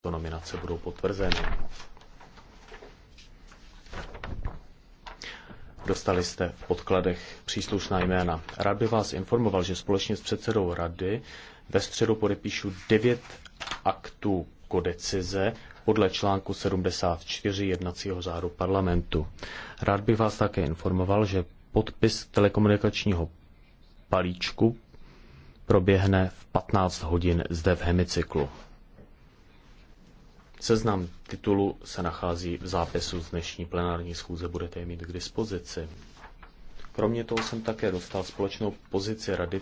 tyto nominace budou potvrzeny. Dostali jste v podkladech příslušná jména. Rád bych vás informoval, že společně s předsedou rady ve středu podepíšu devět aktů kodecize podle článku 74 jednacího řádu parlamentu. Rád bych vás také informoval, že podpis telekomunikačního palíčku proběhne v 15 hodin zde v hemicyklu. Seznam titulu se nachází v zápisu z dnešní plenární schůze, budete je mít k dispozici. Kromě toho jsem také dostal společnou pozici Rady